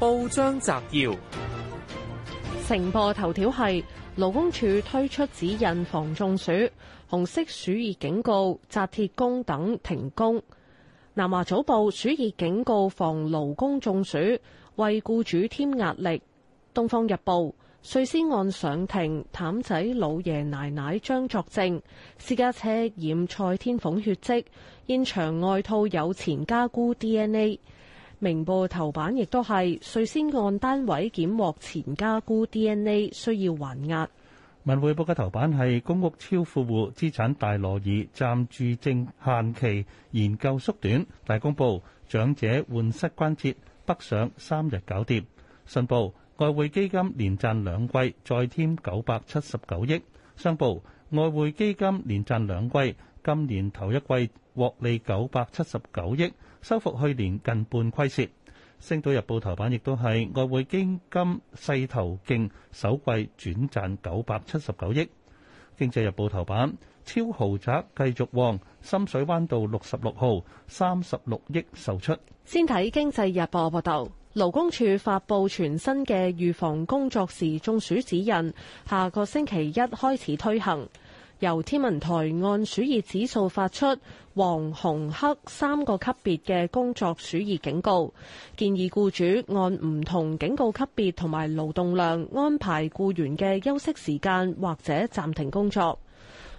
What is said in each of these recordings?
報章摘要：成報》頭條係勞工處推出指引防中暑，紅色暑熱警告，紮鐵工等停工。南華早報：暑熱警告防勞工中暑，為僱主添壓力。東方日報：碎屍案上庭，譚仔老爺奶奶將作證。私家車染蔡天鳳血跡，現場外套有前家姑 DNA。明報頭版亦都係，率先按單位檢獲前家姑 DNA，需要還押。文匯報嘅頭版係公屋超富戶資產大挪移，暫住證限期研究縮短。大公報長者換膝關節北上三日搞掂。信報外匯基金連賺兩季，再添九百七十九億。商報外匯基金連賺兩季，今年頭一季。獲利979億，收復去年近半虧蝕。《星島日報》頭版亦都係外匯基金勢頭勁，首季轉賺979億。《經濟日報》頭版，超豪宅繼續旺，深水灣道66號36億售出。先睇《經濟日報》報道，勞工處發布全新嘅預防工作時中暑指引，下個星期一開始推行。由天文台按暑熱指數發出黃紅黑三個級別嘅工作暑熱警告，建議僱主按唔同警告級別同埋勞動量安排僱員嘅休息時間或者暫停工作。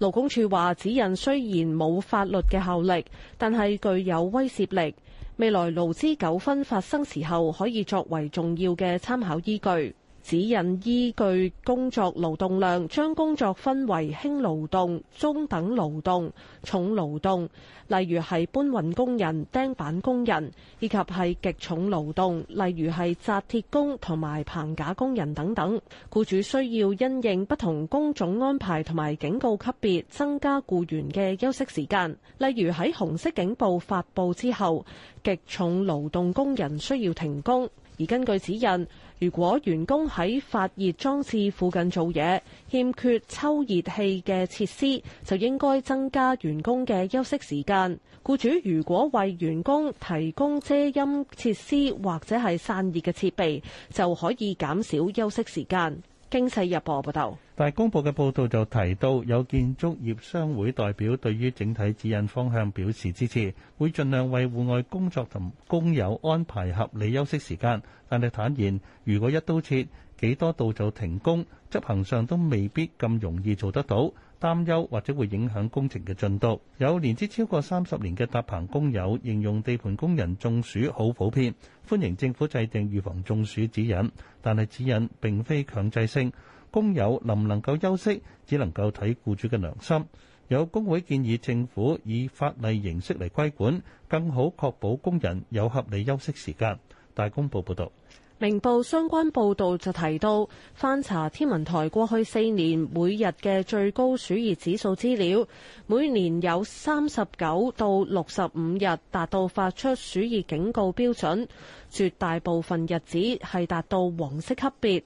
勞工處話指引雖然冇法律嘅效力，但係具有威懾力，未來勞資糾紛發生時候可以作為重要嘅參考依據。指引依據工作勞動量，將工作分為輕勞動、中等勞動、重勞動。例如係搬運工人、釘板工人，以及係極重勞動，例如係紮鐵工同埋棚架工人等等。僱主需要因應不同工種安排同埋警告級別，增加僱員嘅休息時間。例如喺紅色警報發布之後，極重勞動工人需要停工。而根據指引，如果員工喺發熱裝置附近做嘢，欠缺抽熱器嘅設施，就應該增加員工嘅休息時間。僱主如果為員工提供遮陰設施或者係散熱嘅設備，就可以減少休息時間。經濟日報報道。大公報嘅報道就提到，有建築業商會代表對於整體指引方向表示支持，會盡量為戶外工作同工友安排合理休息時間。但係坦言，如果一刀切幾多度就停工，執行上都未必咁容易做得到，擔憂或者會影響工程嘅進度。有年資超過三十年嘅搭棚工友形容地盤工人中暑好普遍，歡迎政府制定預防中暑指引，但係指引並非強制性。工友能唔能夠休息，只能夠睇僱主嘅良心。有工會建議政府以法例形式嚟規管，更好確保工人有合理休息時間，大公報報道。明報相關報導就提到，翻查天文台過去四年每日嘅最高暑熱指數資料，每年有三十九到六十五日達到發出暑熱警告標準，絕大部分日子係達到黃色級別，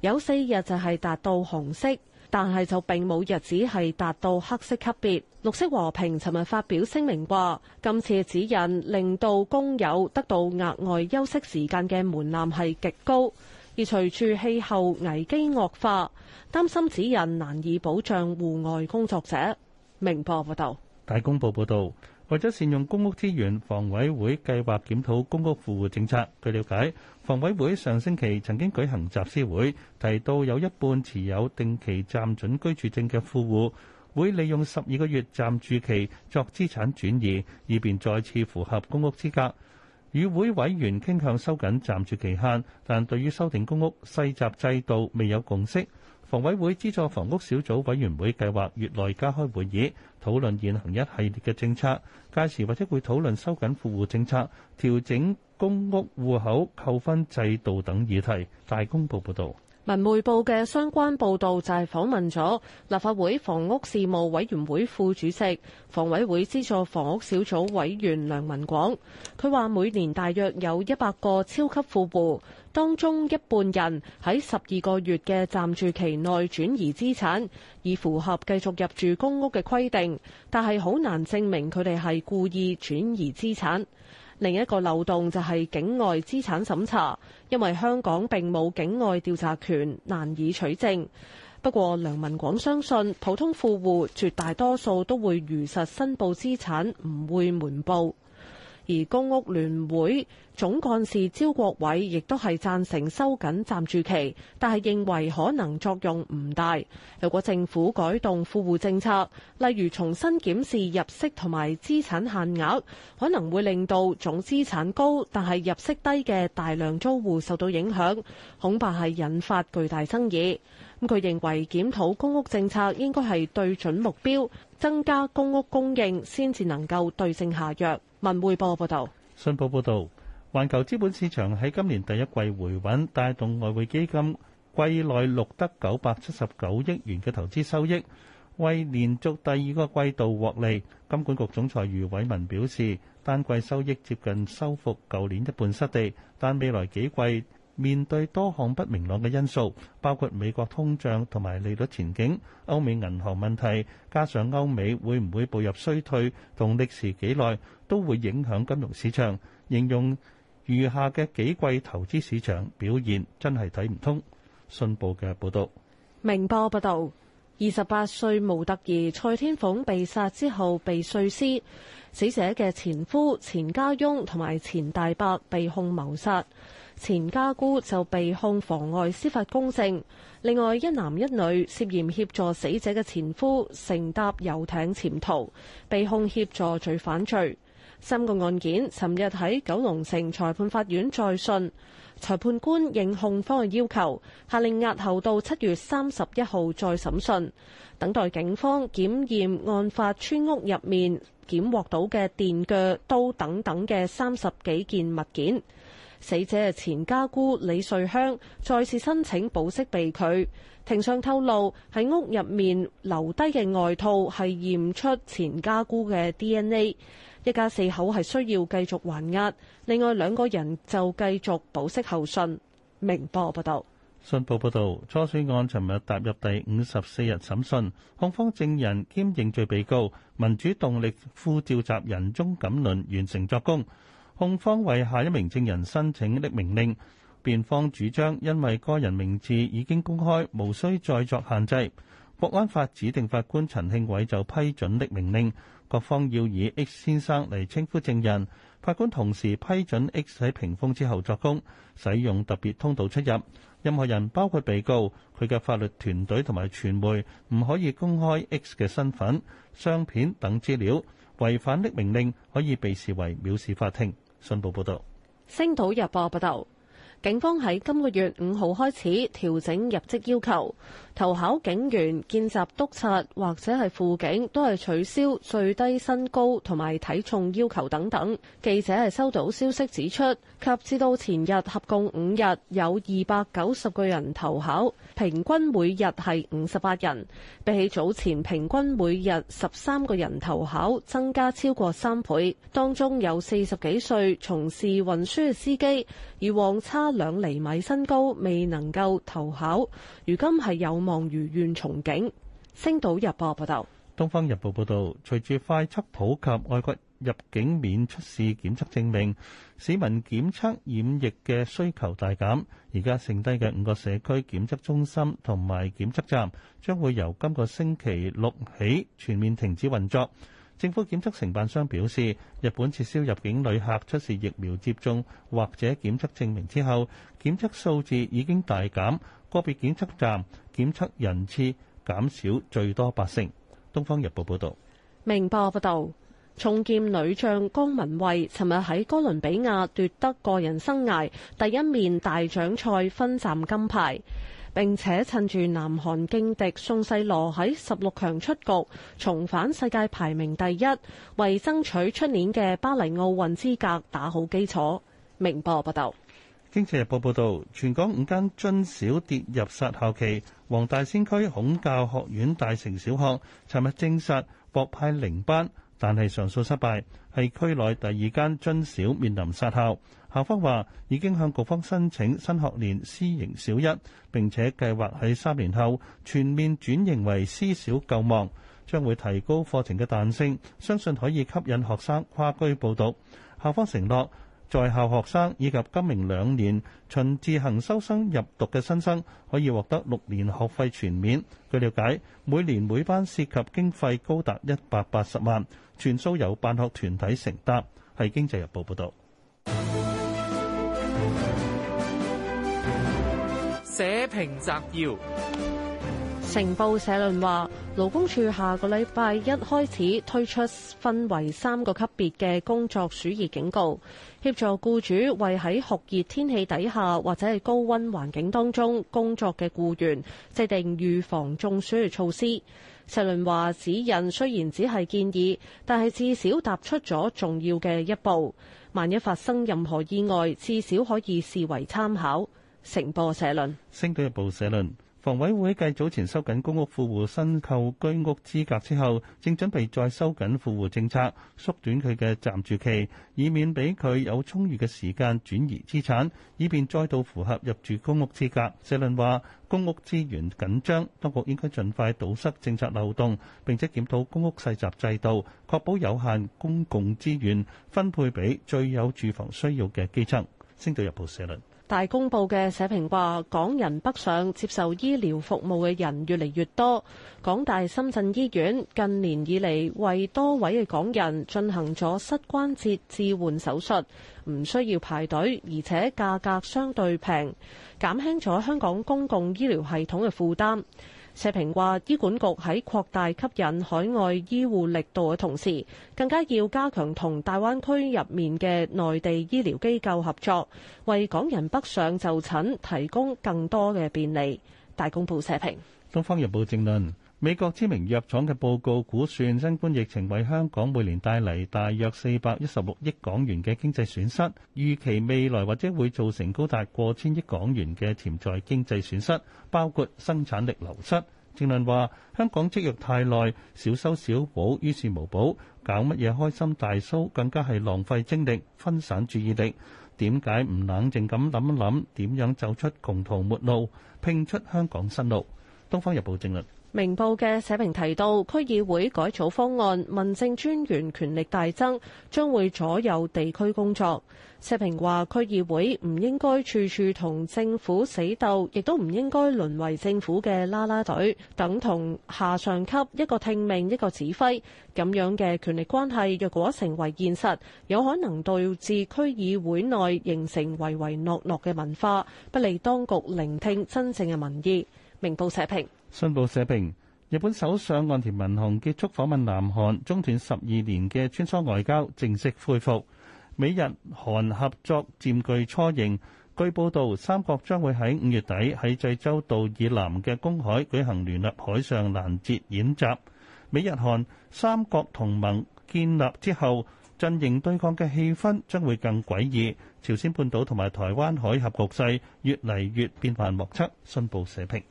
有四日就係達到紅色。但係就並冇日子係達到黑色級別。綠色和平尋日發表聲明話，今次指引令到工友得到額外休息時間嘅門檻係極高，而隨住氣候危機惡化，擔心指引難以保障戶外工作者。明報報道，大公報報道。為咗善用公屋資源，房委會計劃檢討公屋富戶政策。據了解，房委會上星期曾經舉行集思會，提到有一半持有定期暫准居住證嘅富戶會利用十二個月暫住期作資產轉移，以便再次符合公屋資格。與會委員傾向收緊暫住期限，但對於修訂公屋世襲制度未有共識。房委會資助房屋小組委員會計劃月內加開會議，討論現行一系列嘅政策，屆時或者會討論收緊富戶政策、調整公屋戶口扣分制度等議題。大公報報道。文匯報嘅相關報導就係訪問咗立法會房屋事務委員會副主席、房委會資助房屋小組委員梁文廣。佢話每年大約有一百個超級富戶。當中一半人喺十二個月嘅暫住期內轉移資產，以符合繼續入住公屋嘅規定，但係好難證明佢哋係故意轉移資產。另一個漏洞就係境外資產審查，因為香港並冇境外調查權，難以取證。不過梁文廣相信普通富戶絕大多數都會如實申報資產，唔會瞞報。而公屋聯會總幹事招國偉亦都係讚成收緊暫住期，但係認為可能作用唔大。如果政府改動富戶政策，例如重新檢視入息同埋資產限額，可能會令到總資產高但係入息低嘅大量租戶受到影響，恐怕係引發巨大爭議。咁佢認為檢討公屋政策應該係對準目標，增加公屋供應才，先至能夠對症下藥。文匯報報道，信報報道，環球資本市場喺今年第一季回穩，帶動外匯基金，季內錄得979億元嘅投資收益，為連續第二個季度獲利。金管局總裁余偉文表示，單季收益接近收復舊年一半失地，但未來幾季面對多項不明朗嘅因素，包括美國通脹同埋利率前景，歐美銀行問題，加上歐美會唔會步入衰退同歷時幾耐，都會影響金融市場，形容餘下嘅幾季投資市場表現真係睇唔通。信報嘅報導。明報報道。二十八歲模特兒蔡天鳳被殺之後被碎屍，死者嘅前夫前家翁同埋前大伯被控謀殺，前家姑就被控妨礙司法公正。另外一男一女涉嫌協助死者嘅前夫乘搭遊艇潛逃，被控協助罪犯罪。三個案件，尋日喺九龍城裁判法院再訊，裁判官應控方嘅要求，下令押後到七月三十一號再審訊，等待警方檢驗案發村屋入面檢獲到嘅電鋸、刀等等嘅三十幾件物件。死者嘅前家姑李瑞香再次申請保釋被拒。庭上透露喺屋入面留低嘅外套係驗出前家姑嘅 DNA。一家四口係需要繼續還押，另外兩個人就繼續保釋候訊。明報報道。信報報道，初選案尋日踏入第五十四日審訊，控方證人兼認罪被告民主動力副召集人鐘錦麟完成作供。控方為下一名證人申請匿名令，辯方主張因為個人名字已經公開，無需再作限制。國安法指定法官陳慶偉就批准匿名令，各方要以 X 先生嚟稱呼證人。法官同時批准 X 喺屏風之後作供，使用特別通道出入。任何人包括被告，佢嘅法律團隊同埋傳媒唔可以公開 X 嘅身份、相片等資料。違反匿名令可以被視為藐視法庭。新報報道，星島日報報道。警方喺今個月五號開始調整入職要求，投考警員、見習督察或者係輔警都係取消最低身高同埋體重要求等等。記者係收到消息指出，及至到前日合共五日有二百九十個人投考，平均每日係五十八人，比起早前平均每日十三個人投考，增加超過三倍。當中有四十幾歲從事運輸嘅司機。以往差兩厘米身高未能夠投考，如今係有望如願從警。星島日報報道，東方日報報道，隨住快速普及外國入境免出示檢測證明，市民檢測染疫嘅需求大減。而家剩低嘅五個社區檢測中心同埋檢測站，將會由今個星期六起全面停止運作。政府檢測承辦商表示，日本撤銷入境旅客出示疫苗接種或者檢測證明之後，檢測數字已經大減，個別檢測站檢測人次減少最多八成。《東方日報》報道。明報報道，重劍女將江文慧尋日喺哥倫比亞奪得個人生涯第一面大獎賽分站金牌。並且趁住南韓勁敵宋世羅喺十六強出局，重返世界排名第一，為爭取出年嘅巴黎奧運資格打好基礎。明報報道。經濟日報報道，全港五間津小跌入殺校期。黃大仙區孔教學院大成小學尋日證實獲派零班，但係上訴失敗，係區內第二間津小面臨殺校。校方話已經向局方申請新學年私營小一，並且計劃喺三年後全面轉型為私小救亡，將會提高課程嘅彈性，相信可以吸引學生跨區報讀。校方承諾，在校學生以及今明兩年循自行收生入讀嘅新生，可以獲得六年學費全免。據了解，每年每班涉及經費高達一百八十萬，全數由辦學團體承擔。係《經濟日報》報道。社評摘要：《城報》社論話，勞工處下個禮拜一開始推出分為三個級別嘅工作暑熱警告，協助雇主為喺酷熱天氣底下或者係高溫環境當中工作嘅雇員製定預防中暑嘅措施。社論話，指引雖然只係建議，但係至少踏出咗重要嘅一步。萬一發生任何意外，至少可以視為參考。承報社論：星島日報社論，房委會繼早前收緊公屋富戶申購居屋資格之後，正準備再收緊富戶政策，縮短佢嘅暫住期，以免俾佢有充裕嘅時間轉移資產，以便再度符合入住公屋資格。社論話：公屋資源緊張，當局應該盡快堵塞政策漏洞，並且檢討公屋世襲制度，確保有限公共資源分配俾最有住房需要嘅基層。星島日報社論。大公報嘅社評話：港人北上接受醫療服務嘅人越嚟越多，港大深圳醫院近年以嚟為多位嘅港人進行咗膝關節置換手術，唔需要排隊，而且價格相對平，減輕咗香港公共醫療系統嘅負擔。社評話，醫管局喺擴大吸引海外醫護力度嘅同時，更加要加強同大灣區入面嘅內地醫療機構合作，為港人北上就診提供更多嘅便利。大公報社評，東方日報政論。美國知名藥廠嘅報告估算，新冠疫情為香港每年帶嚟大約416明報嘅社評提到，區議會改組方案，民政專員權力大增，將會左右地區工作。社評話，區議會唔應該處處同政府死鬥，亦都唔應該淪為政府嘅啦啦隊，等同下上級一個聽命，一個指揮。咁樣嘅權力關係，若果成為現實，有可能導致區議會內形成唯唯諾諾嘅文化，不利當局聆聽真正嘅民意。明報社評。信報社評：日本首相岸田文雄結束訪問南韓，中斷十二年嘅穿梭外交正式恢復。美日韓合作佔據初形。據報導，三國將會喺五月底喺濟州道以南嘅公海舉行聯合海上攔截演習。美日韓三國同盟建立之後，陣營對抗嘅氣氛將會更詭異。朝鮮半島同埋台灣海峽局勢越嚟越變幻莫測。信報社評。